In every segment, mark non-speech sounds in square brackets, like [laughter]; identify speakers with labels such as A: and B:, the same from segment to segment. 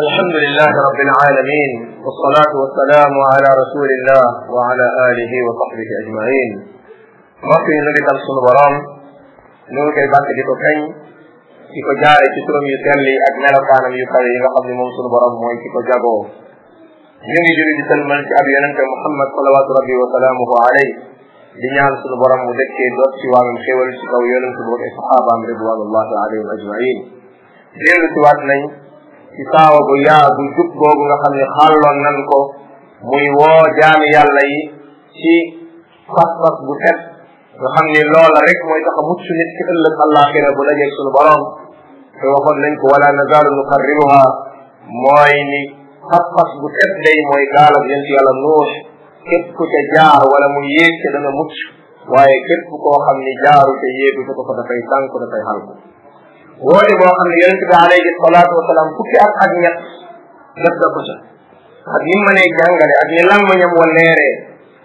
A: الحمد لله رب العالمين والصلاة والسلام على رسول الله وعلى آله وصحبه أجمعين mbokk yi ñu ngi tal sunu borom ñu ngi koy bàkk di ko kañ di ko jaare ci turam yu sell yi ak melokaanam yu kawe yi nga xam ne moom sunu borom mooy ki ko jagoo ñu ngi julli di salmal ci ab yonente Muhammad salawaatu rabbi wa salaamuhu alayhi di ñaan sunu borom mu dëkkee doot ci wàllum xéwal ci kaw yonente boobu ay saxaabaam ridwanullahi alayhim ajmain dellu ci waat nañ ci saawa yaa bu jub googu nga xam ne xàlloon nan ko muy woo jaami yàlla yi ci fas bu set nga xam ne loola rek mooy tax a mucc nit ci ëllëg àllaaxira bu dajeeg sunu borom te waxoon nañ ko wala nazaalu nuqarribuha mooy ni fas bu set day mooy gaalab yent yàlla nuux képp ku ca jaar wala mu yéeg ca dana mucc waaye képp koo xam ni jaaru ca yéegu ca ko fa dafay sànku dafay xalku woote boo xam ne yonent bi alayhi salaatu wasalaam fukki at ak ñett def na ko sa ak ni mu mënee jàngale ak ni lan ma ñam wa leeree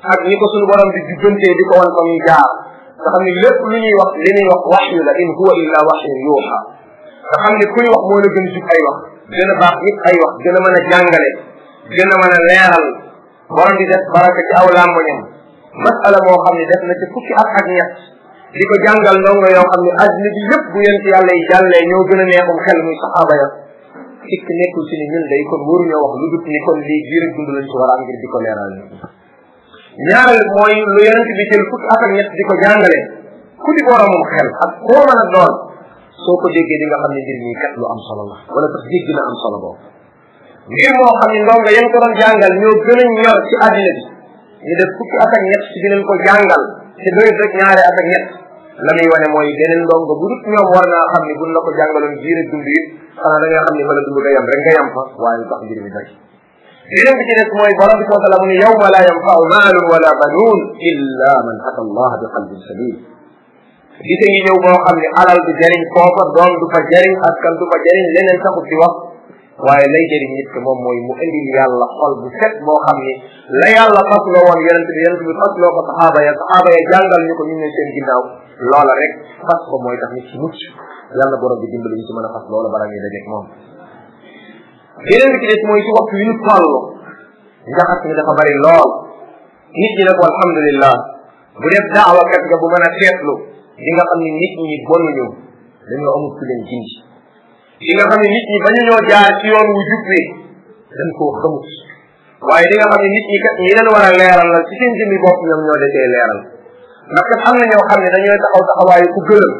A: ak ni ko suñu borom di jubbantee di ko wan fa jaar nga xam ne lépp lu ñuy wax li ñuy wax waxyu la in huwa illa waxyu yuuxa nga xam ne ku ñu wax moo la gën a jub ay wax gën a baax yëpp ay wax gën a mën a jàngale gën a mën a leeral borom di def baraka ci aw làmmañam masala moo xam ne def na ci fukki at ak ñett di ko jàngal ndongo yoo xam ne adduna bi yëpp bu yent yàlla yi jàllee ñoo gën a neexum xel muy saxaaba ya sikk nekkul ci ni ñun day kon waruñoo wax lu dut ni kon lii biir dund lañ ci war am ngir di ko leeral ni ñaareel mooy lu yonent bi jël fukki at ñett di ko jàngale ku di boromum xel ak koo mën a doon soo ko déggee di xam ne mbir mii lu am solo wala sax dégg na am solo boobu ngir moo xam ne ndongo yan ko doon jàngal ñoo gën a ñor ci addina bi ñu def fukki ko jàngal te doyut la muy wane mooy beneen ndongo bu dut ñoom war naa xam ni buñ la ko jàngaloon diine dund it xanaa da xam ni mën a dund nga yam fa waaye tax mbir mi doy yeneen bi ci des mooy borom bi soo tala mu ne yawma laa yanfau maalun wala banuun illa man ata allah bi qalbin salim bisa ngi ñëw boo xam ne alal du jariñ koofa doom du fa jariñ askan du fa jariñ leneen saxut di wax waaye lay jëriñ nit ki moom mooy mu indil yàlla xol bu set boo xam ni la yàlla fas la woon yonente bi yonente bi fas loo ko saxaaba ya saxaaba ya jàngal ñu ko ñu ne seen ginnaaw loola rek fas ko mooy tax nit ci mucc yàlla borom bi dimbali ñu ci mën a fas loola bala ñuy dajeeg moom beneen bi ci des mooy ci waxtu yu ñu toll njaxas mi dafa bari lool nit ñi nag alhamdulillah bu def daawakat nga bu mën a seetlu di nga xam ni nit ñi bonuñu dañoo amul ku leen jindi li nga xam ne nit ñi bañu ñoo jaar ci wi dañ koo xamut waaye li nga xam ne nit ñi kat ñi leen war a leeral la ci seen jëmmi bopp ñoom ñoo desee leeral ndax kat am na ñoo xam ne dañooy taxaw taxawaayu ku gëlëm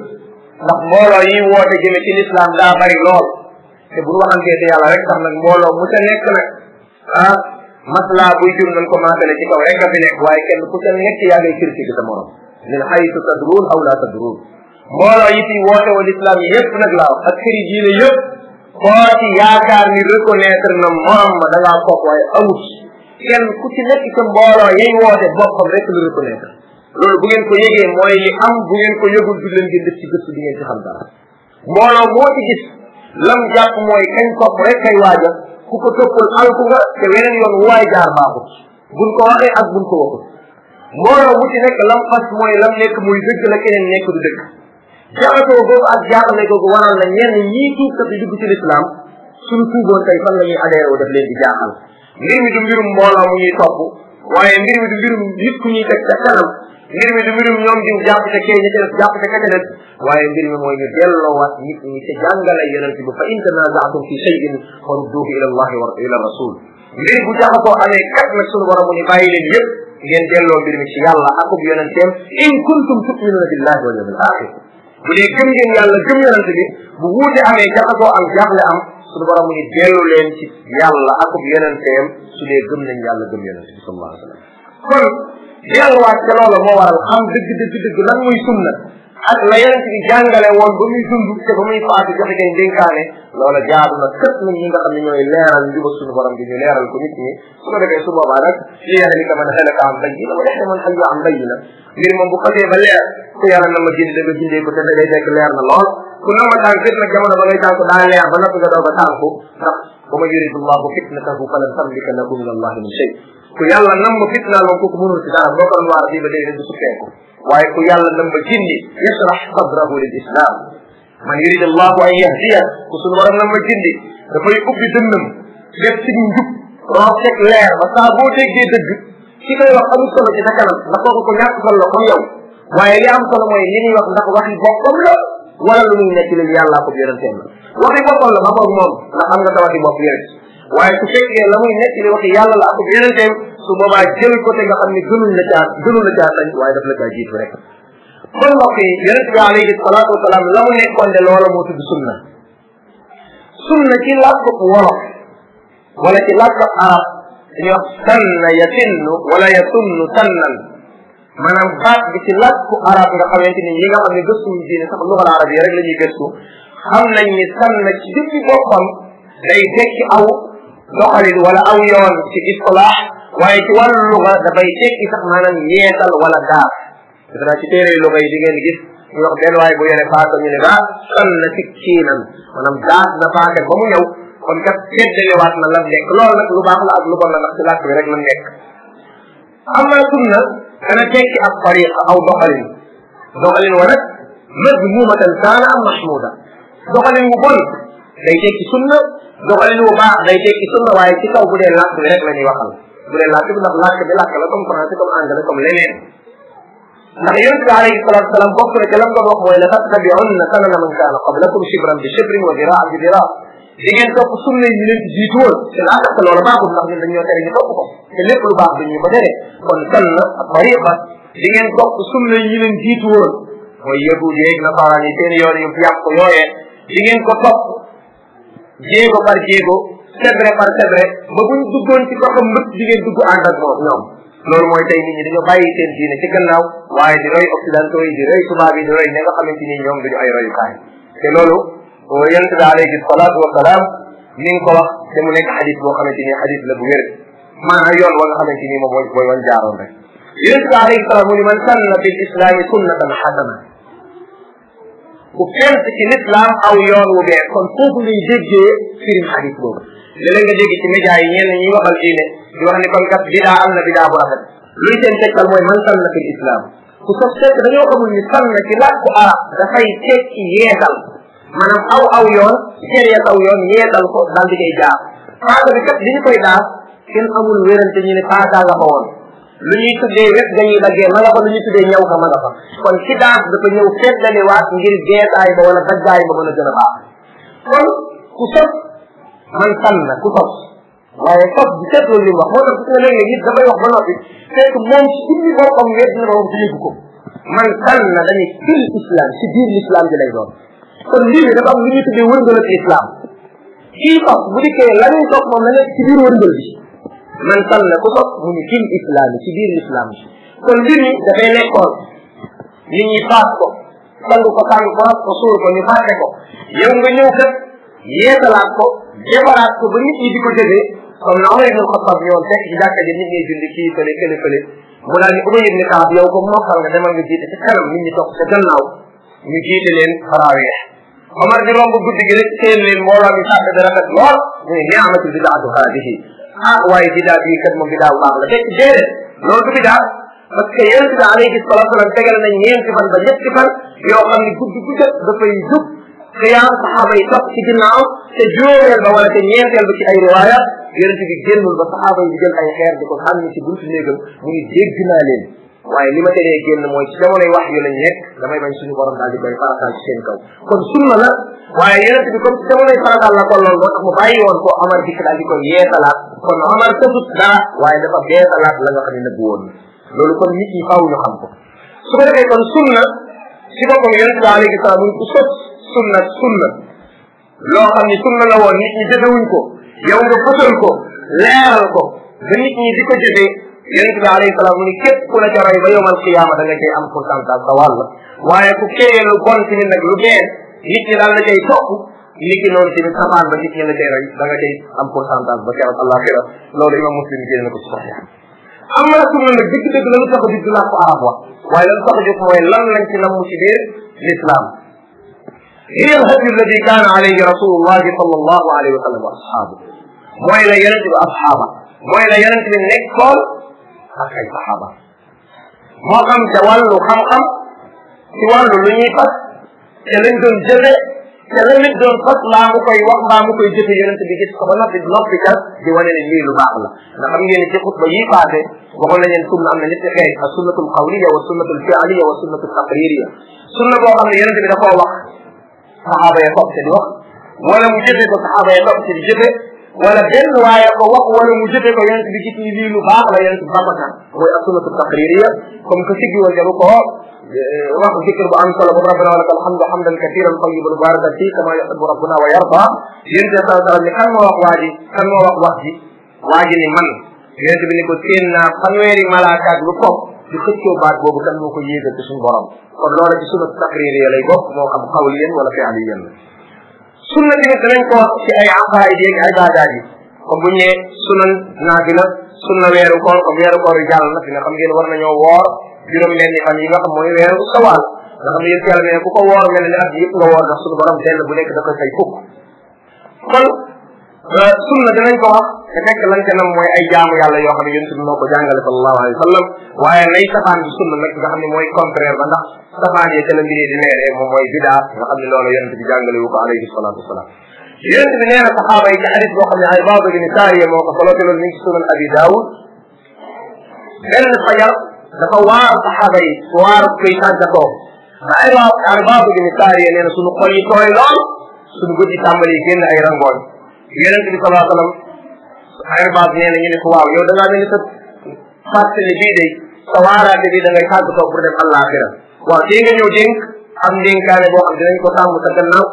A: ndax mbooloo yi woote jëme ci lislaam daa bari lool te bu ñu waxantee te yàlla rek tax nag mbooloo mu ca nekk nag ah maslaa buy jur nañ ko maatale ci kaw rek nga fi nekk waaye kenn ku ca nekk yaa ngay critique sa morom min xaytu tadruun aw laa tadruun mbooloo yi fi woote woon islam yépp nag laa wax ak këri diine yépp koo ci yaakaar ni reconnaître na Muhammad da ngaa kooku waaye amut kenn ku ci nekk ca mbooloo yañ woote boppam rek lu reconnaître loolu bu ngeen ko yëgee mooy li am bu ngeen ko yëgul du leen ngeen def ci gëstu di ngeen ci xam dara mbooloo moo ci gis lam jàpp mooy kañ topp rek kay waaja ku ko toppal alku nga te weneen yoon waay jaar baaxut buñ ko waxee ak buñ ko waxut la keneen jaxasoo boobu ak jaaxle googu waral na ñenn ñii tuub kat di dugg ci lislaam suñ tuuboon tey fan la ñuy adhéré wu daf leen di jaaxal mbir mi du mbirum mbooloo mu ñuy topp waaye mbir mi du mbirum nit ku ñuy teg ca kanam mbir mi du mbirum ñoom di jàpp mi mooy ñu delloowaat nit ñi ca jàngale yonente bi fa in ila allahi ila rasul mbir bu jaxasoo amee kat nag suñu borom mu ni bàyyi leen yëpp ngeen delloo mbir mi ci yàlla akub yonenteem in kuntum tuminuna billahi wal yawmil axir bu dee gëm ngeen yàlla gëm yonante bi bu wuute amee jaxasoo am jaaxle am suñu borom mu ni dellu leen ci yàlla akub yonanteem su dee gëm nañ yàlla gëm yonante bi sallallahu alayhi wa sallam kon
B: delluwaat ca loola
A: moo waral xam dëgg dëgg dëgg lan muy sunna ak la yonent bi jàngale woon ba muy dund te ba muy faatu joxe ngeen dénkaane loola jaadu na kët nag ñi nga xam ne ñooy leeral njubag suñu borom bi ñu leeral ko nit ñi su ko defee su boobaa nag li yàlla li ko mën a am bay yi la ma man xel am bay la mbir moom bu xasee ba leer ku yàlla na ma jinde nga jindee ko te da ngay fekk leer na lool ku na ma tànk nag jamono ba ngay tànk daa leer ba noppi nga doog a tànku ndax wa man yuridu llahu fitnatahu falan tamlika lahu min allahi min shay ku yàlla nam ma fitnaaloo kooku mënul ci dara boo ko waar bii ba léegi du sukkeeku waaye ku yàlla nam ma jindi yashrah sadrahu lil islam man yurid allahu an yahdiya ku sunu borom nam ma jindi dafay ubbi dënnam def ci njub root teg leer ba saa boo déggee dëgg ki koy wax amul solo ci sa kanam ndax kooku ko ñàkk solo la comme yow waaye li am solo mooy li ñuy wax ndax waxi boppam la wala lu muy nekk leen yàllaa ko yonenteem la waxi boppam la ba boog moom ndax am nga sa waxi bopp yéen waaye su fekkee la yàlla la ak yeneenteem su boobaa jël côté nga xam ni gënul la caa gënul la caa lañ waaye daf la caa jiitu ko kon mbokk yi yonent bi alayhi salaatu wasalaam la mu nekkoon de loola moo tudd sunna sunna ci làkkub wolof wala ci làkkub arab dañuy wax sanna yasinnu wala yasunnu sannan maanaam baat bi ci làkku arab nga xamante ni ñi nga xam ne gëstuñu diine sax luxal arab yi rek la ñuy gëstu xam nañ ni sànn ci jëmmi boppam day tekki aw doxalin wala aw yoon ci istilaax waaye ci wàllu luga dafay tekki sax maanaam yeesal wala daar danaa ci téere luga yi di ngeen gis ñu wax benn bu yore paaka ñu ne daa sànn na ci ciinam na paaka ba mu ñëw kon kat seddalewaat na lan nekk la ak lu bon la ndax ci làkk bi sunna dana tekki ab tariqa aw doxalin doxalin wa nag mazmumatan am mahmuda doxalin wu bon day tekki sunna doxalin wu baax day tekki sunna waaye ci kaw bu dee làkk bi rek la ñuy waxal bu dee làkk bi ndax làkk bi làkk la comme français comme anglais comme leneen ndax yonent bi alayhi salatu wasalam bokk na ca lam doon wax mooy la tattabi'unna sanana man kaana qablakum shibran bi shibrin wa diraan bi diraan di ngeen topp sunna yi leen ci jiitu woon te la àndal loolu baaxul ndax ñu ko lépp lu baax dañu ko tere kon sanna ak tariqa di ngeen topp sunna yi leen jiitu woon mooy yahud yeeg nasaraan yi seen yoon yu yàq ko di ngeen ko topp jéego par jéego sebre par sebre ba buñ duggoon ci ko xam lépp di ngeen dugg ànd ak moom ñoom loolu mooy tey nit ñi dañoo bàyyi seen diine ci gannaaw waaye di roy occidentaux yi di roy tubaab yi di roy ña nga xamante ni ñoom duñu ay royukaay te loolu yonente bi alayhi salaatu wasalaam mi ngi ko wax te mu nekk xadis boo xamante ni xadis la bu wér yoon wa nga xamante ni moom mooy mooy wan jaaroon rek yonente bi alayhi salaam mu ni man sànna bil islaami sunnatan xasana bu fent ci lislaam aw yoon wu bees kon foofu ngay déggee firim xadis boobu léeg nga dégg ci média yi ñenn ñuy waxal diine di wax ni kon kat bidaa am na bidaa bu rafet luy seen tegtal mooy man sànn fil islam ku sof seet dañoo xamul ni sànn ci làkku arab dafay tekki yeetal maanaam aw aw yoon seereet aw yoon ko daal di koy jaar paaka bi kat li ñu koy daas kenn amul wérante ñu ne paaka nga fa woon lu ñuy tuddee rek dañuy daggee ma nga fa lu ñuy tuddee ñaw ka ma nga fa kon ci daas dafa ñëw seddaliwaat ngir geetaay ba wala daggaay ba mën a gën a baax kon ku sob man tànn na ku sob waaye sob bi seetlu li mu wax moo tax gis nga léegi nit dafay wax ba noppi fekk moom ci inni na moom ci yëgu ko man tànn na dañuy fil islam ci biir l'islam bi lay doon kon lii bi dafa am lu ñuy tuddee wërngal ak l'islam kii sob bu dikkee la muy sob moom la nekk ci biir man tal na ku ko mu ni fil islam ci biir islam ci kon mbir mi dafay nekkoon nit ñi faas ko sang ko sang ko ras ko suul ko ñu fàtte ko yow nga ñëw kat yeesalaat ko defaraat ko ba nit ñi di ko jëfee comme na Omar ibn Khattab ñëwoon fekk ci jàkka ji nit ñi julli kii fële kële fële mu daal ni Ubay ibn Kaab yow ko mokkal nga demal nga jiite ci kanam nit ñi toog sa gannaaw ñu jiite leen faraaweex Omar di romb guddi gi rek seen leen mbooloo mi sàkk da rafet lool muy ni'matu bidaatu haadihi ah waaye bidaa bii kat moom bidaa bu baax la fekk déedéet loolu du bidaa parce que yonent bi alayhi salaatu salaam tegal na ñeenti fan ba ñetti fan yoo xam ne guddi gu jot dafay jub xiyaam saxaaba yi topp ci ginnaaw te juróomeel ba wala te ñeenteel ba ci ay riwaaya yonent bi génnul ba saxaaba yi di jël ay xeer di ko xànni ci buntu néegam mu ni dégg naa leen waaye li ma teree génn mooy ci jamonoy wax yu lañ nekk damay bañ suñu borom daal di koy farataal ci seen kaw kon sunna la waaye yonent bi comme ci jamonoy farataal la ko lool moo tax mu bàyyi woon ko Omar dikk daal di koy yeesalaat kon Omar tësut dara waaye dafa beesalaat la nga xam ne nëbb woon loolu kon nit ñi faaw ñu xam ko su ko defee kon sunna si boppam yonent bi alayhi salaam mu ko sos sunna sunna loo xam ne sunna la woon nit ñi jëfewuñ ko yow nga fësal ko leeral ko yonente bi alayhi salaam mu ni képp ku la ca roy ba yowmal qiyaama da nga cay am pourcentage sa wàll waaye ku créé lu bon tamit nag lu bees nit ñi daal la cay topp nit ki noonu tamit safaan ba nit ñi la cay roy da nga cay am pourcentage ba keroog àllaaxira loolu imam muslim génn na ko ci saxiix am na nag sunna nag dëgg-dëgg lañu tax a jug dinaa ko arab wax waaye lañu tax a jug mooy lan lañ ci namm ci biir l'islam
B: hiya alhadi alladi kaana alayhi
A: rasulullahi sallallahu alayhi wa sallam wa ashaabu mooy la yonente bi ashaaba mooy la yonente bi nekkoon ak ay saxaaba moo xam ca wàllu xam-xam ci wàllu lu ñuy fas te lañ doon jëfe te la nit doon fas mbaa mu koy wax mbaa mu koy jëfe yonent bi gis ko ba noppi noppi kat di wane ne lii lu baax la ndax xam ngeen ci xutba yii passé waxoon nañ leen sunna am na ñetti xeet ak sunnatul qawliya wa sunnatul fi'liya wa sunnatul taqririya sunna boo xam ne yonent bi da koo wax saxaaba ya topp te di wax wala mu jëfe ko saxaaba ya topp te di jëfe wala benn waaye ko wax wala mu jëfe ko yonent bi gis ni lii lu baax la yonent bi rafetal mooy ak sunnatu taqririya comme que siggi wa jaru ko eh, wax zikr bu am solo bu rabbana wa laka alhamdu hamdan kathiran tayyiban mubarakan fi kama yuhibbu rabbuna wa yarda yonent bi saa sallam ni kan moo wax waa kan moo wax wax ji waa ji ni naa fanweeri malaaka ak lu topp di xëccoo baat boobu kan moo ko yéegal ci suñu borom kon loola ci sunnatu taqririya lay bokk moo xam xawliyan wala fi'liyan sunna bi nag ko wax ci ay aqaid yeeg ibaadaat yi comme bu ñu nee sunan naafila sunna weeru koor comme weeru koor yu jàll na fi nga xam ngeen war nañoo woor juróom-benni fan yi nga xam mooy weeru sawaal nga xam ne yëpp ku ko woor mel ne at yëpp nga woor ndax suñu borom benn bu nekk da koy fay fukk Euh, sunna dinañ ko wax te fekk lañ ca nam mooy ay jaamu yàlla yoo xam ne yonent bi moo ko jàngale sallallahu alayhi wa sallam waaye lay safaan bi sunna nag nga xam ne mooy contraire ba ndax safaan ya ca la mbiree di leeree moom mooy bidaa nga xam ne loolu yonent bi jàngale wu ko alayhi salatu wasalaam yonent bi nee na saxaaba yi ci xadis boo xam ne ay baado bi ni saariye moo ko soloote loolu mi ngi ci sunan abi daawud benn dafa yar dafa waar saxaaba yi waar koy tàggatoo ba ay baado bi ni saariye nee na suñu xol yi tooy lool suñu bët yi tàmbali génn ay rangooñ yonent bi salaa sallam Irbaas nee na ñu ne ko waaw yow da ngaa mel ni sa fàttali bii day sa waaraate bii da ngay tàggatoo pour dem àllaaxira waaw tey nga ñëw dénk am ndénkaane boo xam dinañ ko tàmm sa gannaaw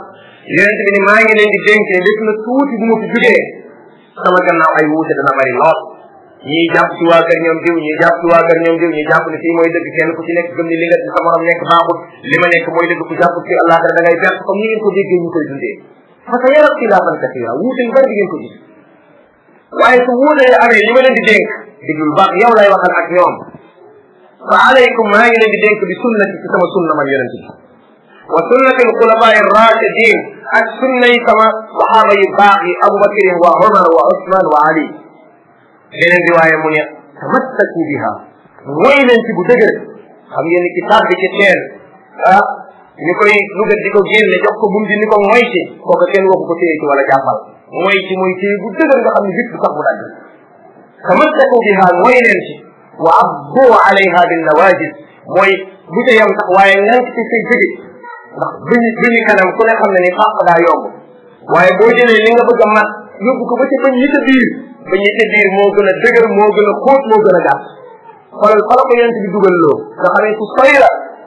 A: yonent bi ne maa ngi leen di dénkee lépp na tuuti bu ma fi jugee sama gannaaw ay wuute dana bari lool ñii jàpp ci waa kër ñoom diw ñii jàpp ci waa kër ñoom diw ñii jàpp ne fii mooy dëgg kenn ku ci nekk gëm ni li nga ci sa morom nekk baaxut da ngay perte comme ni ñu koy dundee fa sa yara xilaafan katira wuute yu bëri di ngeen ko gis waaye su wuute amee li ma leen di dénk diglu baax yow lay waxal ak ñoom fa alaykum maa ngi leen di dénk bi sunnati ci sama sunna man yonente bi wa sunnati alxulafaai rachidin ak sunna yi sama saxaaba yu baax yi aboubakirin wa omar wa osman wa ali beneen riwaaya mu ne tamattaku biha mooy leen ci bu dëgër xam ngeen ni ci tàbbi ci teen ah ñu koy lugal di ko génne jox ko bum ni ko mooy ci kooku kenn waxu ko téye ci wala jàppal mooy ci mooy téye bu dëgër nga xam ne lépp du sax mu dagg tamassaku biha mooy leen ci wa abdu alayha bin nawajid mooy bu ca yam sax waaye ngank ci say jëge ndax biñu biñu kanam ku ne xam ne ni fàq daa yomb waaye boo jëlee li nga bëgg a mat ko ba ci bañ yi ca biir bañ yi ca moo gën a dëgër moo gën a xóot moo gën a gàtt xoolal fala ko yent bi dugal loo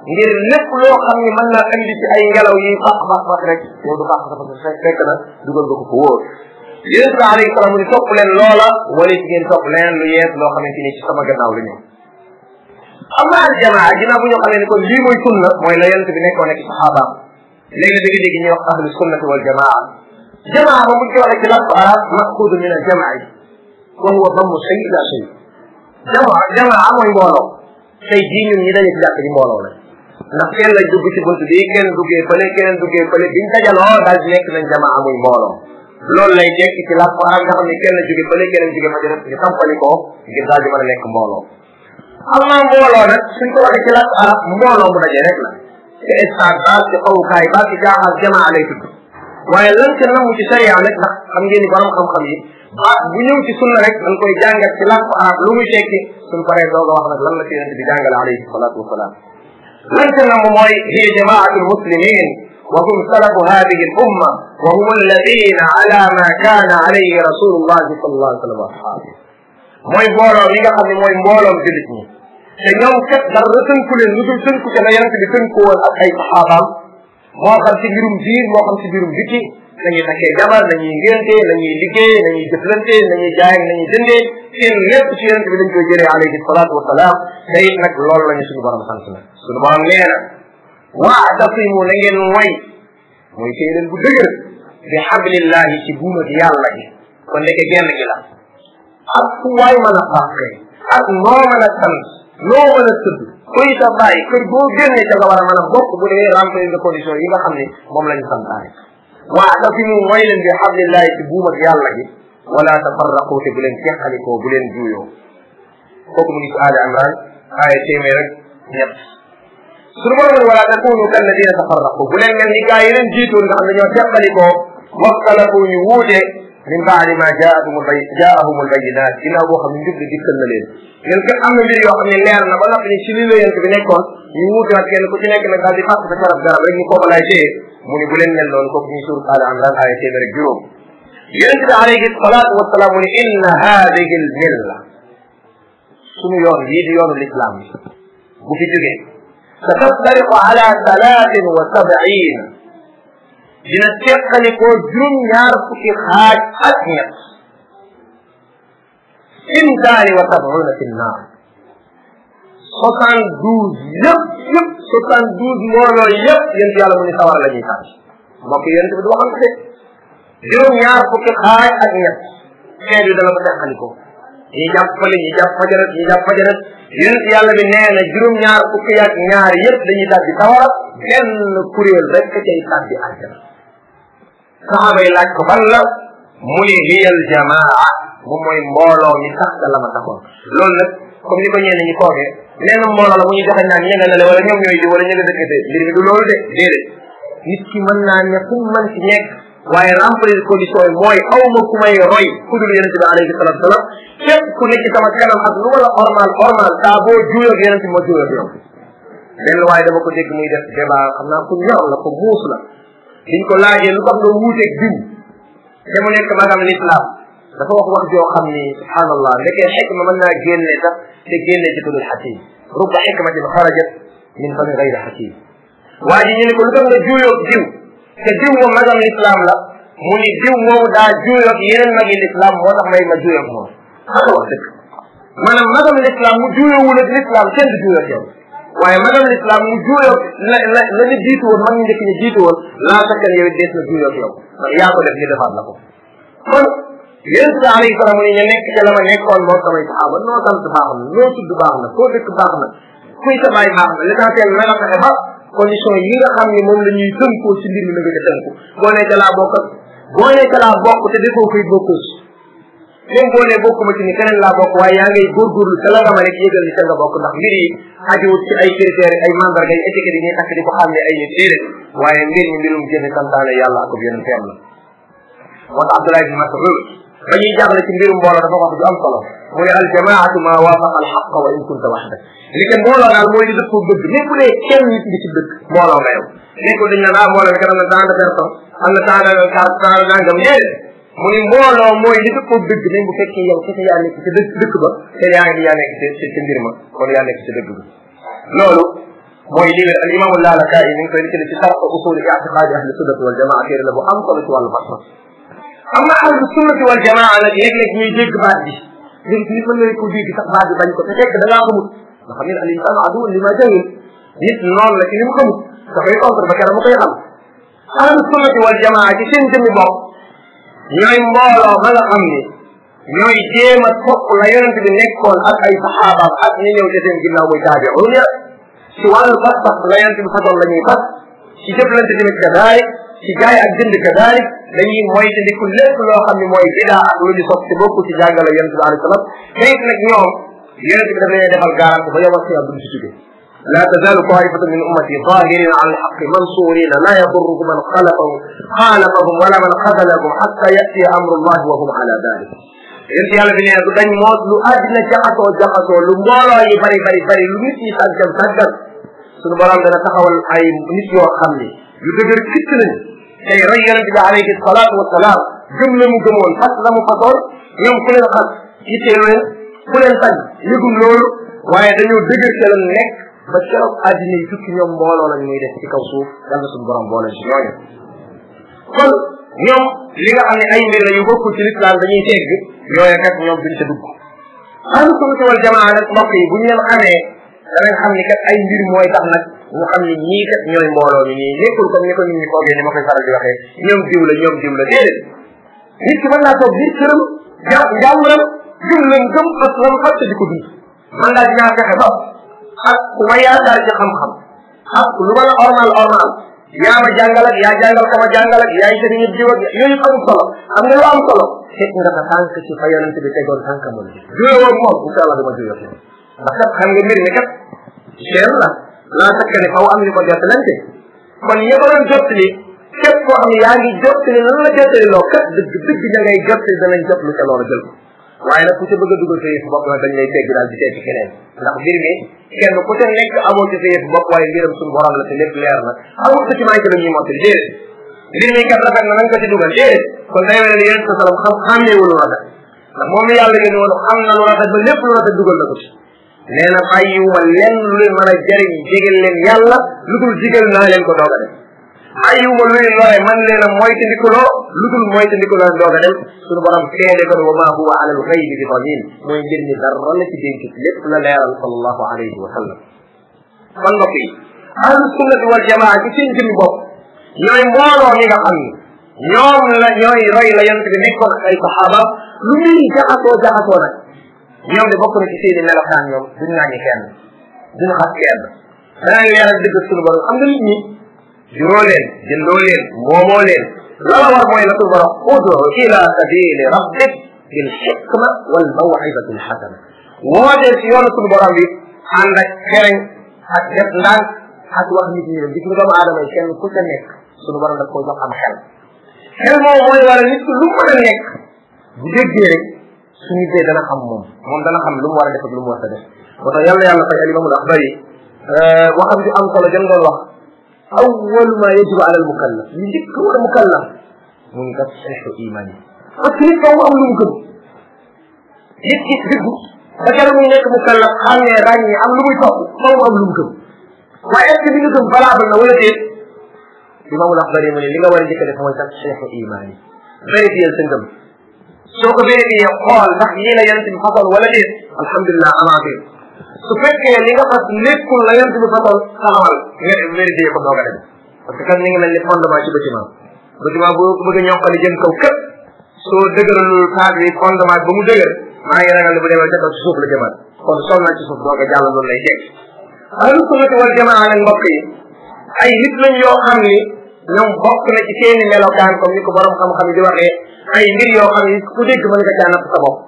A: ngir lépp loo xam ne mën naa andi ci ay ngelaw yuy fàq fàq fàq rek yow du fàq dafa fekk dugal nga ko ko wóor yonent bi alayhi mu ne topp leen loola wala ci ngeen topp leneen lu yees loo xamante ni ci sama gannaaw la ñëw amma al jamaa ginnaaw bu ñu xamee ne kon lii mooy sunna mooy la yonent bi nekkoon ak saxaabaam léegi dëgg dëgg ñuy wax ahlu sunnati wal jamaa jamaa ba muñ ko waxee ci laftu arab maxuudu min al jamaa wa huwa dammu shay ila shay jamaa jamaa mooy mbooloo tey jii ñun ñi dañu ci jàpp ji mbooloo la ndax kenn la dugg ci bunt bi kenn duggee fële keneen duggee fële daal di nekk nañ jamaa muy mbooloo loolu lay nekk ci Alxuraan nga xam ne kenn jóge fële keneen jóge fa jërëjëf ko ngir daal di nekk mbooloo. am naa mbooloo nag suñ ko waxee ci làkk arab ah, mbooloo mu daje rek la ci stade ba ci xawukaay ba ci jaaxal jamaa lay tudd waaye lan ca namu ci sariya nag ndax xam ngeen ni borom xam-xam yi baat bu ñëw ci sunna rek dañ koy jàngat ci làkk lu muy tekki suñ paree doog a wax nag lan la lañ ca namm mooy hiya jamaatu lmuslimin wa hum salafu hadihi al umma wa hum alladina ala ma kaana alayhi rasulullahi sallallahu alayhi wa sallam wa ashaabi mooy mbooloo mi nga xam ne mooy mbooloom julit ñi te ñoom kat dara tënku leen lu dul tënku te la yonent bi tënku woon ak ay saxaabaam moo xam ci mbirum biir moo xam ci mbirum biti nañuy takkee jabar nañuy ngénte nañuy liggéey nañuy jëflante nañuy jaay nañuy jëndee ci yonent bi dañ koy jëlee alayhi salaatu wasalaam te it nag loolu la ñu suñu borom sant na suñu borom nee na waatasimu na ngeen way ci buuma gi yàlla gi kon nekk genn gi la ak fu waay mën a fàqee ak noo a sant noo mën a tëdd kuy sa bàyyi kër boo génnee ca nga war a mën a bokk bu dee remplir de yi nga xam ne moom la ñu waatasimu mooy leen bi xablillahi ci buum ak yàlla gi wala tafarraqu te bu leen teqalikoo bu leen juuyoo kooku mu ngi ci aada Imran aaya téeméer rek ñett suñu borom wala takunu kalladina tafarraqu bu leen mel ni gaa yi leen jiitoon nga xam dañoo teqalikoo waxtalafu ñu wuute min baadi ma jaahumul bay jaahumul bayinaat ginnaaw boo xam ne njub li dikkal na leen leen kat am na mbir yoo xam ne leer na ba noppi ni ci lii la yent bi nekkoon ñu wuute ak kenn ku ci nekk nag daal di fàq sa garab garab rek ñu kooba laay téye mu ni bu leen mel noonu kooku ñu suur al amran aaya téeméer ak juróom yonente bi alayhi salaatu wasalaam mu ni inna haadihi l milla sunu yoon yii di yoonu lislaam bi bu fi jógee sa tasdariqu ala salaatin wa sabiina dina teqalikoo juróom-ñaar fukki xaaj ak ñett intaani wa sabuuna fi nnaar soixante douze yëpp yëpp soixante douze mbooloo yëpp yéen yàlla mu ni sawar la ñuy tax mbokk yéen tamit waxal ko de ñaar fukki xaaj ak ñett xeet bi dana ko teqalikoo ñi jàpp fële ñi jàpp fajarat ñi jàpp fajarat yéen yàlla bi nee na juróom-ñaar fukki ak ñaar yëpp dañuy tàbbi sawara benn kuréel rek ka cay tàbbi àjjana saxaaba yi laaj ko ban la mu ni liyal jamaa moom mooy mbooloo mi sax la ma taxoon loolu nag ni ko ñenn ñi foogee nee na mbooloo la mu ñuy joxe naan ña nga ne wala ñoom ñooy di wala ña nga dëkkate mbir du loolu de déedéet nit ki man naa ne fu mu mën ci nekk waaye remplir condition yi mooy aw ma ku may roy ku dul yonente bi alayhi salatu salaam képp ku nekk ci sama kanam ak lu ma la ormal ormal saa boo juyoo ak yonente bi ma juyoo ak yow benn waaye dama ko dégg muy def xam naa ku ñaaw la ko muus la biñ ko laajee lu tax nga wuuteeg diw te mu nekk magam lislaam dafa wax wax joo xam ni subhaanallah ndekee ma mën naa génne sax te génne ci tudul xakim rubba xikmatin xarajat min fami gayri xakim waa ji ñu ne ko lu tax nga juuyoog diw te diw moom magam lislaam la mu ni diw moomu daa juuyoog yeneen magi ma juuyoog moom xam nga wax dëgg maanaam magam lislaam mu waaye madame l'islam mu juuyoo la la la nga jiitu woon mag ñu njëkk ñu jiitu woon laa sakkan yow na juuyoo yow ndax yaa ko def ñu defaat la ko kon yonent bi alayhi salaam mu ne ñu nekk ca la ma nekkoon moom samay saxaaba noo sant baax na noo tudd baax na koo dëkk baax na kuy sa baay baax na l'essentiel na nga fexe ba condition yi nga xam ni moom la ñuy tënkoo ci mbir mi na nga ca tënku boo nee ca laa bokk boo nee ca bokk si même boo nee bokkuma ci ni keneen laa bokk waaye yaa ngay góorgóorlu te la nga ma rek yëgal ni te nga bokk ndax mbir yi ajuwut ci ay critères ay mandarga ay étiquette yi ñuy takk di ko xam ne ay nit déedéet waaye mbir mi mbirum jëfe santaane yàlla ak yeneen teem la moo tax Abdoulaye bin Mas'ud ba ñuy jaaxle ci mbirum mbooloo dafa wax ju am solo mu ne al jamaatu ma waafaqa al xaqa wa in kunta waxdak li ke mbooloo daal mooy li dëppoo dëgg lépp ne kenn nit ñi ci dëgg mbooloo nga yow nekkul dañ naan ah mbooloo bi kat am na tant de personnes am na tant de tant de nangam déedéet mu ni mbooloo mooy li dëppoo dëgg nañ bu fekkee yow kese yaa nekk ci dëkk ba te yaa ngi yaa nekk ci ci mbir ma kon yaa nekk ci dëgg bi loolu mooy li al imam Lalaka'i ni ngi koy likkale ci sarq usuli i'tiqaadi ahli sunnati wal jamaa téere la bu am solo ci wàllu pas-pas am na ahli sunnati wal jamaa nag léeg-léeg ñuy dégg baat bi léegi nit mën na ko dégg sax baat bi bañ ko te fekk da ngaa xamut nga xam ne al insaan adu li ma jahil nit noonu la ci li mu xamut dafay contre ba keroog mu koy xam ahli sunnati wal jamaa ci seen jëmmi bopp ñooy mbooloo ma nga xam ni ñooy jéem a topp la yonent bi nekkoon ak ay saxaabaam ak ñi ñëw ci seen ginnaaw muy taabi'uun ya ci wàllu pas-pas la yonent bi fasoon la ñuy fas ci jëflante tamit kadalik ci jaay ak jënd kadalik dañuy moytandiku lépp loo xam ne mooy bidaa ak lu ñu sopp ci bokku ci jàngale yonent bi alayhi salaam te it nag ñoom yonent bi daf leen defal garanti ba yow ak si duñ ci jóge لا تزال طائفة من أمتي ظاهرين على الحق منصورين لا يضرهم من خلفهم خالفهم ولا من خذلهم حتى يأتي أمر الله وهم على ذلك yéen yàlla bi nee du dañ moo lu àddina jaxasoo jaxasoo lu mbooloo yi bari bari bari lu nit yi sàggan sàggan suñu borom dana taxawal ay nit yoo xam ni yu dëgër kicc lañ tey rey yonente bi alayhi salaatu wasalaam gëm la mu gëmoon fas la mu fasoon ñoom ku leen xas itteelu leen ku leen tàgg yëgum loolu waaye dañoo dëgër ca la nekk ba keroog àddina yi tukki ñoom mbooloo lañ muy def ci kaw suuf yal na suñu borom ñoom li nga xam ne ay mbir la yu bokkul ci lislaam dañuy tegg yooya kat ñoom duñ ca dugg ahlu sunna wal jamaa nag mbokk yi buñ leen xamee danañ xam ni kat ay mbir mooy tax nag ñu xam ni ñii kat ñooy mbooloo mi ñii nekkul ko nit ñi foogee ni ma koy faral di waxee ñoom diw la ñoom diw la déedéet nit ki mën naa toog biir këram ja njàmbaram jur leen gëm fas lam fas di ko dund mën naa dinaa fexe ak ku ma yaakaar ci xam-xam ak lu ma ormal ormal yaa ma jàngal ak yaa jàngal ko ma jàngal ak yaay sëriñ it diw ak yooyu amul solo am na lu am solo fekk nga sa tànk ci fa yonent bi tegoon tànk moom juyoo moom incha allah dama juyoo ndax kat xam nga mbir mi kat cher la laa sakk ne faw am ñu ko jottalante kon ñi ko doon jottali képp koo xam ne yaa ngi jottali lan la jottali loo kat dëgg dëgg da ngay jottali danañ jot lu ca loolu jël ko waaye nag ku ca bëgg a dugal sa yëfu bopp nag dañ lay tegg daal di tegg keneen ndax mbir mi kenn ku ca nekk amoo ci sa yëfu bopp waaye mbiram suñu borom la te lépp leer na amul sa ci may ko dañuy mottali déedéet mbir mi na nañ ko ci dugal déedéet kon day wéne ni yéen sa salam xam xàmmeewu lu rafet ndax moom na lu rafet ba lépp lu na ko ci nee lenn lu leen mën a jëriñ jégal leen yàlla lu dul jigal naa leen ko doog a def bàyyiwuma lu leen waaye man leen a moytandikuloo lu dul moytandikuloo doog a dem suñu borom seede kon wa maa huwa a al ghaybi bi dalil mooy mbir mi dara la ci dénk lépp la leeral sallallahu alayhi wa sallam kon mbokk yi ahlu sunnati wal jamaa ci seen jëmmi bopp ñooy mbooloo la ñooy roy la yonent bi nekkoon ak ay saxaaba lu muy jaxasoo jaxasoo nag ñoom de bokk na ci seeni melokaan ñoom duñu naan ñi kenn duñu xas kenn danañ leeral dëgg suñu borom am nga nit juróo leen jëndoo leen moomoo leen loola war mooy la suñu borom ud'u ila sabili rabbik bil hikma wal maw'izati al hasana wootee si yoonu suñu borom bi ànd ak xereñ ak def ndànk ak wax nit ñi gis nga doomu aadama yi kenn ku ca nekk suñu borom daf ko jox am xel xel moom mooy wala nit ki lu mën a nekk bu déggee rek su ñu dee dana xam moom moom dana xam lu mu war a def ak lu mu war a def moo tax yàlla yàlla fay alimamul axbar yi euh, waxam ju am solo jëm doon wax awwalu ma yajibu ala al-mukallaf li njëkk war mukallaf mun nga saxu iman yi parce que nit kaw am lu mu gëm nit ki dëggu ba kenn muy nekk mukallaf xàmmee ràññee am lu muy topp moom am lu mu gëm waaye est ce que li nga gëm valable na wala déet imaamul axbari mu ne li nga war a njëkk a def mooy tax seexu imaan yi vérifier sa ngëm soo ko vérifier xool ndax lii la yonent bi façon wala déet alhamdulilah amaatee su fekkee li nga fas nekkul la yonent bi fasal taxawal nga vérifié ko doog a dem parce que kan mi ngi mel ni fondement ci bâtiment bâtiment bu bëgg a ñoqali jëm kaw ba mu dëgër maa ngi ragal ne bu demee ca kaw ci suuf la jëmaat kon sol na ci suuf doog a jàll loolu lay jekk ahlu sunnati wal jamaa nag mbokk yi ay nit lañ yoo xam ni ñoom bokk na ci seeni melokaan comme ni ko borom xam-xam yi di waxee ay mbir yoo xam ni ku dégg mën nga caa natt sa bopp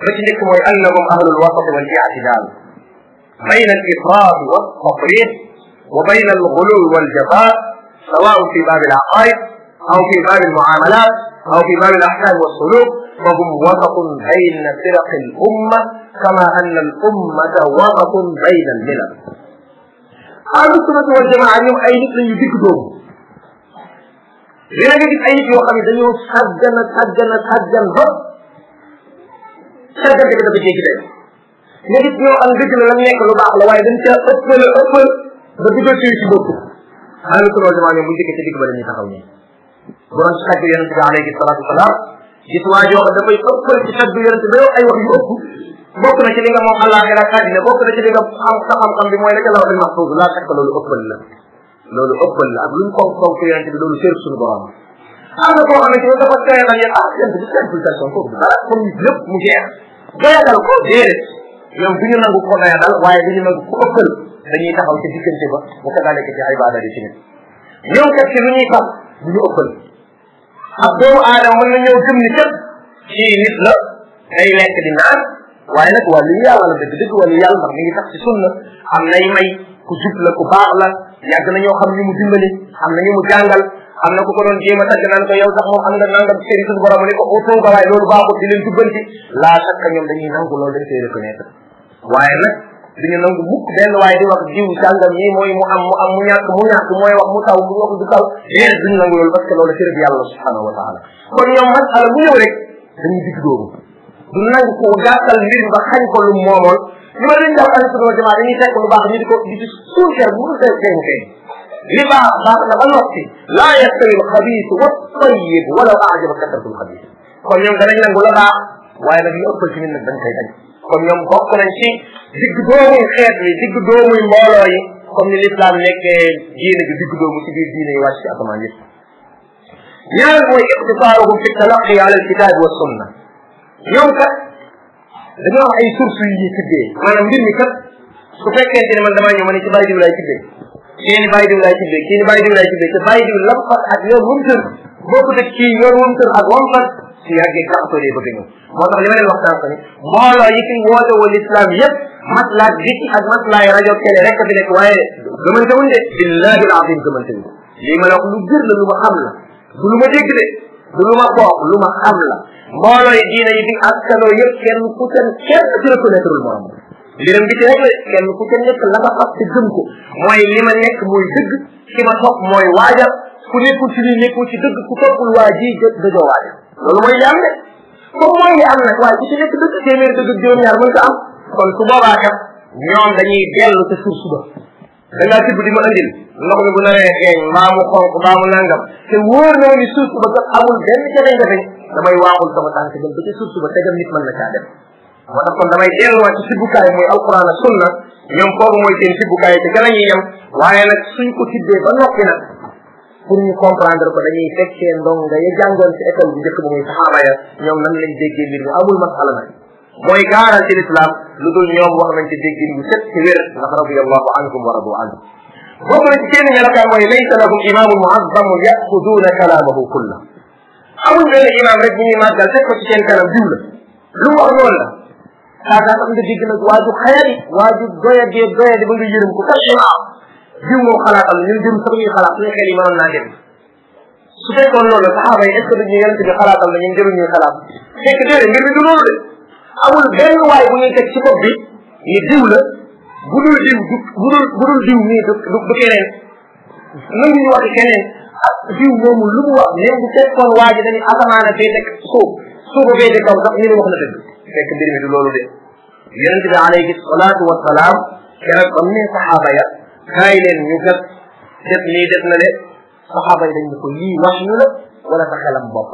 A: ba ci njëkk mooy annahum ahlul wasat wal i'tidal bayna al ifrad wa tafrit wa bayna al ghuluw wal jafa sawaun fi bab al aqaid aw fi bab al muamalat aw fi bab al ahkam wa suluk فهم وسط بين فرق الأمة كما أن الأمة وسط بين الملل ahlu sunnati wal jamaa ñoom ay nit la ñu digg dóomu léegi nga gis ay nit yoo xam ne dañoo sàggan a sàggan a sàggan ba sàggante bi dafa jéggi dayo nga gis ñoo am dëgg la lam nekk lu baax la waaye dañ ca ëppal ëppal ba dugal ci ci bopp ahlu sunna jamaa ñoom bu njëkkee ci digg ba dañuy taxaw ñi borom ci tagg yonente bi alayhi salatu wasalaam gis waa joo xam dafay ëppal ci tagg yonente bi ay wax yu ëpp bokk na ci li nga moom àllaaxira ak àddina bokk na ci li nga xam sa xam-xam bi mooy la ca lawxil mahfuus laa fekk loolu ëppal la loolu ëppal la ak luñ fonk fonk yonente bi loolu sér suñu borom am na koo xam ne ci dafa teel a yéen ah yonente bi simple personne foofu dara comme lépp mu jeex doyadal ko déedéet ñoom du ñu nangu ko doyadal waaye du ñu nangu ko ëppal dañuy taxaw ci diggante ba bu ko dalee ko ci ay baada di tamit ñoom kat ci lu ñuy du ñu ëppal ak doomu na ñëw gëm ni kat ci nit la waaye nag wàllu yàlla la dëgg dëgg wàllu yàlla ndax mi ngi tax ci sunna am nay may ku jub la ku baax la yàgg na ñoo xam ñu mu dimbali am na ñu mu jàngal am na ku ko doon jéem a tagg naan ko yow sax moom am nga nangam seen suñu borom ni ko utoo ba waaye loolu baaxut di leen jubbanti laa sakka ñoom dañuy nangu loolu dañ koy reconnaître waaye nag duñu nangu mukk benn waaye di wax jiw sàngam ñii mooy mu am mu am mu ñàkk mu ñàkk mooy wax mu taw mu wax du taw léer duñu nangu loolu parce que loolu sërëb yàlla subhanahu wa taala kon ñoom masala bu ñëw du nangu ko gàttal mbir ba xañ ko lu moomoon li ma leen dal ko di ci suul bu riba baax na ba noppi laa yastawi alxabiisu wattayib walaw ajaba kasratu alxabiis kon ñoom danañ nangu la baax waaye nag ñu ëppal ci nag dañ koy dañ kon ñoom bokk nañ ci digg doomuy xeet wi digg doomuy mbooloo yi ni lislaam nekkee diine bi digg doomu ci biir diine yi wàcc ci asamaan yëpp ñaareel mooy ixtisaaruhum fi talaqi ala alkitaab wa sunna ñoom kat dañoo am ay sources yu ñuy tuddee maanaam mbir mi kat su fekkente ne man damaa ñëw ma ne ci bari diw laay tuddee kii ni bàyyi diw laay tuddee kii ni bàyyi diw laay tuddee te bàyyi diw lam fas ak yoon wum tër bokku dëg kii yoon wum tër ak wam fas su yàggee jaxasoo day bëgg ñëw moo tax li ma leen wax sànq ni mbooloo yi fi woote woon islam yëpp maslaak dikki ak maslaay rajo télé rek fi nekk waaye gëmante wuñ de billahi alazim gëmante wuñ lii ma la wax lu gër la lu ma xam la du lu ma dégg de du lu ma bokk lu ma xam la mbooloo yi diine yi fi askanoo yëpp kenn ku seen kenn ci reconnaître lu morom mbiram bi ci rek la kenn ku ca nekk la nga te gëm ko mooy li ma nekk mooy dëgg ki ma topp mooy waajal ku nekkul ci li nekkul ci dëgg ku toppul waa ji dëjoo waajal loolu mooy li am ne comme mooy li am nag waaye ku ci nekk dëgg téeméer dëgg ak juróom-ñaar mën ko am kon su boobaa kat ñoom dañuy dellu te source ba da ngaa tibb di ma andil ndox mi bu naree xeeñ mbaa mu xonk mbaa mu nangam te wóor na ni source ba kat amul benn jafe-jafe damay waaxul sama tànk dem ba ca source ba te dem nit moo tax kon damay delluwaat ci sibbukaay mooy alquran ak sunna ñoom foofu mooy seen sibbukaay te gën a ñuy yem waaye nag suñ ko tibbee ba noppi nag ñu comprendre ko dañuy fekkee ndonga ya jàngoon ci école bu njëkk ba muy saxaaba ya ñoom nan lañ déggee mbir amul masala nag mooy gaaral ci lislaam lu dul ñoom wax nañ ci déggin bu set ci wér ndax radiallahu anhum wa radu anhu bokk na ci seen melokaan mooy laysa lahum imaamun muazzamun yaxuduuna kalaamahu kulla amuñ benn imaam rek bu ñuy màggal teg ko ci seen kanam diw la lu mu xaaral am nga dégg nag waa ju xayari waa ju doyadee doyade ba nga yërëm ko kat waaw jiw moom xalaatam la ñun jëru sax ñuy xalaat suñu xel yi mënoon naa dem su fekkoon loolu la saxaaba yi est ce que duñu yonente bi xalaatam la ñun jëru ñuy xalaat fekk déedéet mbir mi du loolu de amul benn waay bu ñuy teg ci bopp bi ni diw la bu dul diw du bu dul bu dul diw nii du du keneen nangu ñu waxi keneen ak ah, diw moomu lu mu wax même bu fekkoon waa ji dañu asamaana fee teg suuf soo ko féete kaw sax ñu ne wax na dëgg fekk mbir mi du loolu de yonente bi alayhi salaatu wa salaam keroog ba mu ne saxaaba ya kaay leen ñu kat def lii def na de saxaaba yi dañ ne ko lii wax ñu la wala sa xelam bopp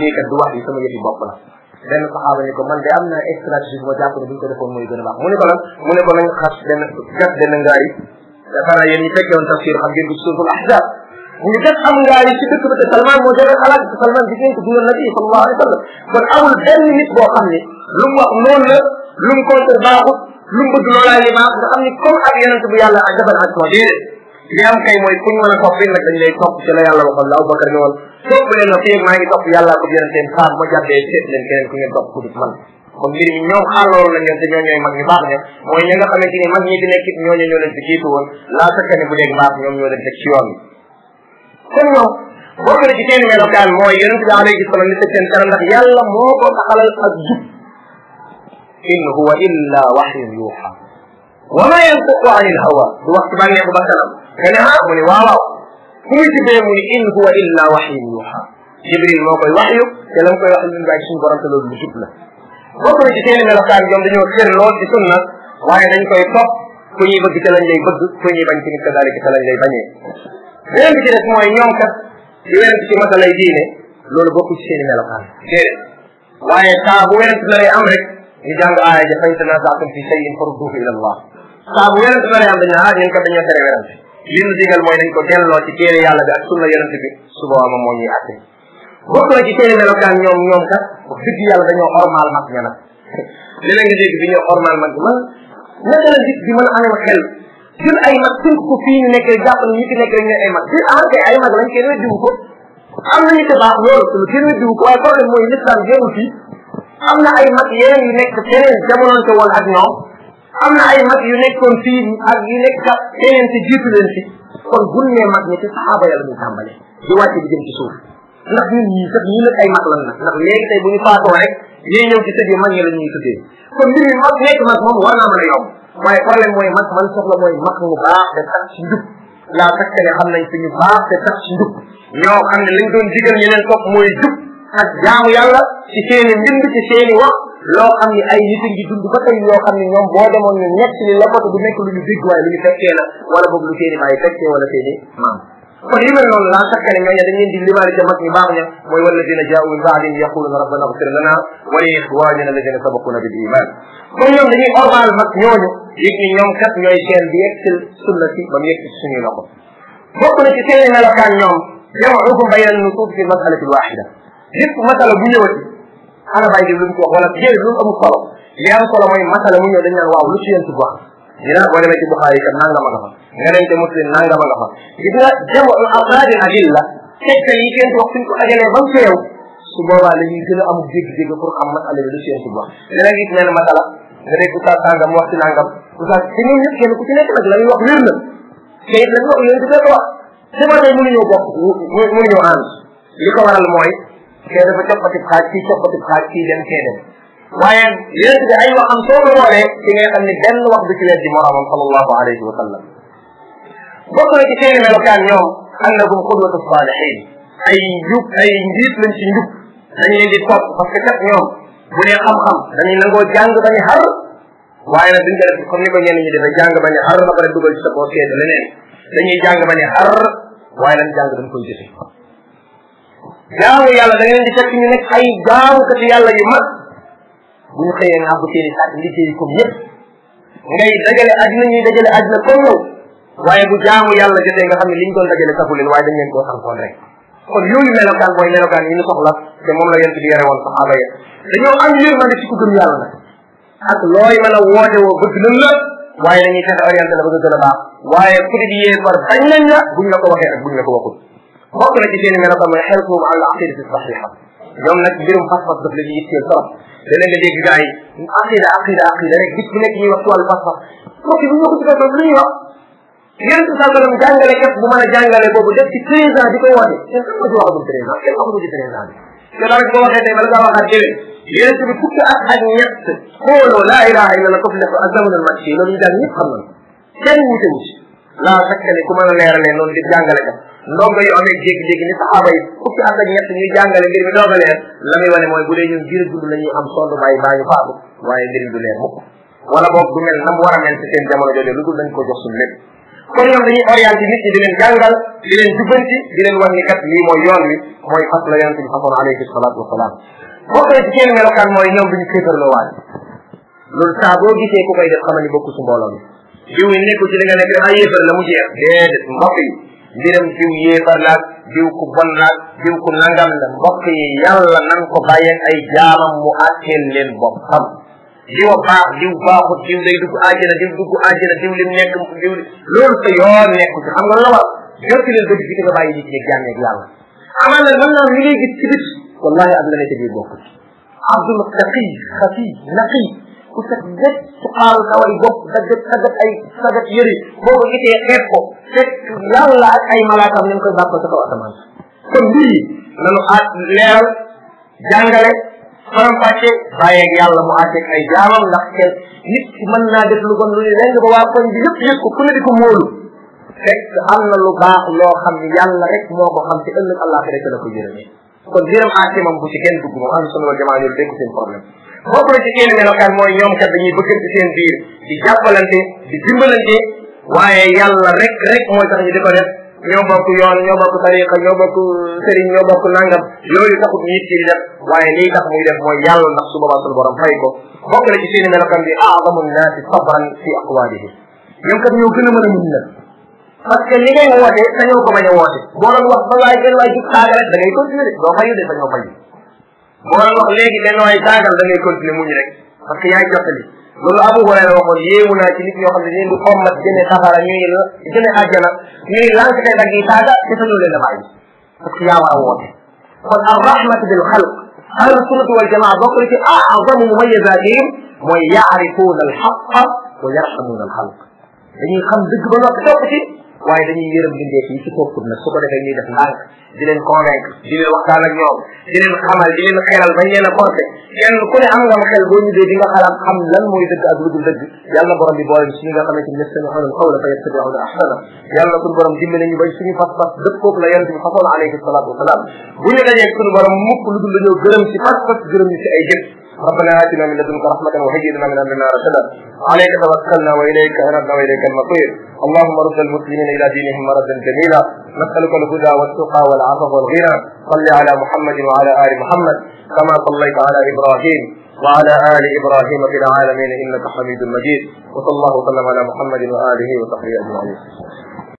A: lii kat du wax yi sama yëfi bopp la benn saxaaba ni ko man de am na stratégie bu ma jàpp ne bu ñu ko defoon mooy gën mu ne ko lan mu ne ko nañ xas benn gat benn ngaay dafa na yéen ñi fekkewoon tafsir xam ngeen ko ci suratul ahzab ñu def am ngaa yi ci dëkk bi te Salman moo jëlee alaaj te Salman jigéen ko dundal nabi sallallahu alayhi wa sallam kon amul benn nit boo xam ne lu mu wax noonu la lu mu contre baaxut lu mu bëgg loolaay li baax nga xam ni comme ak yonent bu yàlla ak jabal ak soo déedéet li am kay mooy ku ñu mën a topp nag dañu lay topp ci la yàlla waxoon la Abubakar ne woon topp leen na fii maa ngi topp yàlla ko yonenteen saa ma jàppee seet leen keneen ku ngeen topp ku dul man kon mbir mi ñoom xàlloolu la ngeen te ñoo ñooy mag ñu baax ña mooy ña nga xamante ni mag ñi di nekk it ñooñu ñoo leen fi jiitu woon laa sakka ne bu dee baax ñoom ñoo leen teg ci yoon bi kon ñoom boo gën ci seen melokaan mooy yonent bi alayhi salaam ni seen kanam ndax yàlla moo ko taxalal ak jub in huwa illa waxyun yuuxa wa ma yantiqu an il hawa du wax ci bànneexu ba kanam nga ne ah mu ne waaw waaw fu muy tibbee mu ne in huwa illa waxyun yuuxa jibril moo koy waxyu te la mu koy wax ñun bàyyi suñu borom te loolu lu jub la bokk na ci seen melokaan ñoom dañoo xër lool ci sunna waaye dañ koy topp ku ñuy bëgg te lañ lay bëgg ku ñuy bañ ci nit ka daalika te lañ lay bañee beneen bi ci def mooy ñoom kat di werante ci masalay diine loolu bokku ci seen i melokaan déedéet waaye saa bu werante na lay am rek ñu jàng ja fa in fi shay'in farudduhu ila Allah saa bu werante na lay am dañu ah ñun kat dañoo tere werante li ñu digal mooy nañ ko delloo ci téere yàlla bi ak sunna yonent bi su boobaa moom moo ñuy àtte bokk na ci seen i melokaan ñoom ñoom kat wax dëgg yàlla dañoo ormaal mag ña nag léeg-léeg [laughs] nga dégg bi ñoo ormaal mag man naka la nit di mën a amee xel jël ay mag tënk ko fii ñu nekkee jàpp ne ñi fi nekk rek ñooy ay mag di ànd ay mag lañ kenn weddiwu ko am nañu te baax loolu sunu kenn weddiwu ko waaye problème mooy lislam jéemu fii am na ay mag yeneen yu nekk feneen jamononte woon ak ñoom am na ay mag yu nekkoon fii ak yu nekk feneen te jiitu leen fi kon buñ ne mag ñi ci saxaaba yàlla ñu tàmbale di wàcce di jëm ci suuf ndax ñun ñii sax ñii nag ay mag lan nag ndax léegi tey bu ñu faatoo rek ñiy ñëw ci sët yi mag ñi la ñuy tuddee kon mbir mi mag nekk mag moom war naa mën a yomb mooy problème mooy man man soxla mooy mag mu baax te tax ci njub laa fekk nañ fi ñu baax te tax ci njub ñoo xam ne liñ doon digal ñeneen topp mooy jub ak jaamu yàlla ci seeni mbind ci seeni wax loo xam ni ay nit a ba tey yoo xam ne ñoom boo demoon ñu nekk li la ko du nekk lu ñu dégg waaye lu ñu fekkee la wala boog lu seeni bàyyi fekkee wala seeni maam kon yu mel noonu laa takkale nga ya dañ leen di limaale ca mag ñu baax ña mooy walladina jaau min baadin yaquluna rabbana ighfir lana wa li ixwanina alladina sabaquna bil iman
B: comme ñoom dañuy ormal mag
A: ñooñu yëg ni ñoom kat ñooy seen bi yegg si sunna si ba mu yegg si suñuy loxo bokk na ci seen melokaan ñoom jamaukum bayna nusuus fi masalati lwaxida lépp masala bu ñëwati ana bàyyi lu mu ci wax wala déedéet lu mu amul solo li am solo mooy masala mu ñëw dañ naan waaw lu ci yéen ci wax dina boo demee ci Buxaari ka nangam a nga fa nga dem ci Muslim nangam a nga fa gis nga jamo awraadi adilla tegtal yi seen wax suñ ko ajalee ba mu teew su boobaa la ñuy gën a amul dégg-dégg pour xam masala bi lu seen ci wax dina gis mel masala nga dégg oustaz sàngam wax ci nangam oustaz te ñoom ñëpp kenn ku ci nekk nag la ñuy wax wér na te it la ñu wax yooyu du fekk wax su ma tey mënuñoo bokk mënuñoo ànd li ko waral mooy kee dafa coppatib xaaj kii coppatib xaaj kii dem kee dem waaye yonent bi ay waxam soo ko boolee ci ngay xam ni benn wax du ci wet di moroomam sallallahu alayhi wa sallam bokk na ci seeni melokaan ñoom annahum qudwatu saalihin ay njub ay njiit lañ ci njub dañ leen di topp parce que kat ñoom bu dee xam-xam dañuy nangoo jàng ba ni xar waaye nag duñ ko def comme ni ko ñenn ñi defee jàng ba ni xar ba pare dugal ci sa koo seede leneen dañuy jàng ba ni xar waaye nag jàng dañ koy jëfe jaamu yàlla da ngeen di fekk ñu nekk ay jaamukati yàlla yu mag bu ñu xëyee nga bu téere sàcc liggéey comme ñëpp ngay dajale àddina ñuy dajale àddina comme yow waaye bu jaamu yàlla jotee nga xam ne liñ doon dajale safu leen waaye dañ leen koo sankoon rek kon yooyu melokaan mooy melokaan yi ñu soxla te moom la yent bi yore woon saxaaba ya dañoo am yërmande ci ku gëm yàlla nag ak looy mën a woote woo bëgg nañ la waaye dañuy fexe orienté la ba nga gën a baax waaye ku di yéefar bañ nañ la buñ la ko waxee ak buñ ko waxul bokk na ci seen melokaan mooy xel tuum al aqidati saxiha ñoom nag mbirum pas-pas daf la ñuy yitteel trop leneen nga dégg gars yi aqida aqida aqida rek bis bu nekk ñuy wax ci wàllu pas-pas kooku bu ñu ko tuddee lu ñuy wax yéen sa sallam jàngale bu mën a jàngale boobu def ci treize ans di koy woote kenn kan ma ci waxagul treize ans kenn waxagul ci treize ans te dara boo waxee tey bala a waxaat déwén yéen bi fukki ak ñett xooloo laa ilaha illa la ko fi nekk ak zamanul loolu ñu jàng ñëpp xam nañ kenn wuute wu ci laa sakka ni ku mën a leeralee noonu di jàngale ka ndongo yu amee jékki-jékki ni saxaaba yi fukki at ak ñuy jàngale mbir mi a leer la muy wane mooy bu dee ñun jir dund la ñuy am sondu bàyyi baa ñu faatu waaye mbir du leer mukk wala boog du mel na mu war a mel ci seen jamono jooju lu dul dañ ko jox suñu lépp kon ñoom dañuy orienté nit ñi di leen jàngal di leen jubbanti di leen wan ni kat lii mooy yoon wi mooy fas la yonente bi façon alayhi salatu wasalaam bokk na ci loolu saa boo gisee ku koy def xamal ni mbooloo mi jiw yi nekkul ci li nga nekk rek ay yéefar la mu jeex déedéet mbokk yi mbiram jiw yéefar laag jiw ku bon laag ku nangam la mbokk yi yàlla ko bàyyeeg ay jaamam mu àtteel leen boppam jiw a baax jiw baaxut jiw day dugg àjjana jiw dugg àjjana jiw lim nekk jiw yoon nekku ci xam nga la war jotti leen bëgg ci nga bàyyi nit ñi jànne ak amaan na mën naa li ngay gis ci bit wallahi am na ne ca biir bokk xafi naqi ku set wécc su xaaru daway bopp dagat dagat ay dagat yëri boo ko gisee ko fekk yàlla ak ay malaakaam ñu ngi koy bàkkoo sa kaw asamaan kon lii nanu aat leeral jàngale faram-fàcce bàyyeeg yàlla mu àtteeg ay jaamam ndax kenn nit ki mën naa def lu bon lu leng ba waa koñ bi yëpp yëg ko ku ne di ko móolu fekk am na lu baax loo xam ne yàlla rek moo ko xam te ëllëg àllaaxira la ko jërëmee kon jërëm àtte moom bu ci kenn dugg moom am sunu wal jamaa ñolu dégg seen bokk na ci seen melokaan mooy ñoom kat dañuy bëggante seen biir di jàppalante di dimbalante waaye yàlla rek rek mooy tax ñu di ko def ñoo bokk yoon ñoo bokk tariqa ñoo bokk sëriñ ñoo bokk nangam yooyu taxut nit ki di def waaye lii tax muy def mooy yàlla ndax su boobaa suñu fay ko bokk na ci seen melokaan bi aadamu nnaasi sabran fi aqwaalihim ñoom kat ñoo gën a mën a muñ nag parce que li ko bañ a woote boo doon wax ba da ngay continuer doo fayu mooy wax léegi benn waay saagal da ngay continuer muñ rek parce que yaay jottali loolu Abu Hurayra waxoon yéemu naa ci nit ñoo xam ne leen du xommat jëne safara ñuy jëne àjjana ñuy lànk tey dag yi saaga te sañu leen a bàyyi parce que yaa war a woote kon ar rahmatu bil xalq ahlu sunnati wal jamaa bokk ci azamu mumayisatihim mooy yaarifuuna al xaqa wa yarhamuuna al xalq dañuy xam dëgg ba noppi topp ci waaye dañuy yërëm bindee fii ci boppam nag su ko defee ñuy def ndànk di leen convaincre di leen waxtaan ak ñoom di leen xamal di leen xelal bañ leen a porté kenn ku ne am ngam xel boo ñibbee di nga xalaat xam lan mooy dëgg ak lu dul dëgg yàlla borom bi boole ci ñi nga xamante ni yastami'una al-qawla fa yattabi'una ahsana yàlla suñu borom dimbali ñu bañ suñu pas-pas dëppoog borom mukk lu dul dañoo gërëm ci pas-pas ربنا آتنا من لدنك رحمة وهيئ لنا من أمرنا رشدا عليك توكلنا وإليك أنبنا وإليك المصير اللهم رد المسلمين إلى دينهم مردا جميلا نسألك الهدى والتقى والعفو والغنى صل على محمد وعلى آل محمد كما صليت على إبراهيم وعلى آل إبراهيم في العالمين إنك حميد مجيد وصلى الله وسلم على محمد وآله وصحبه أجمعين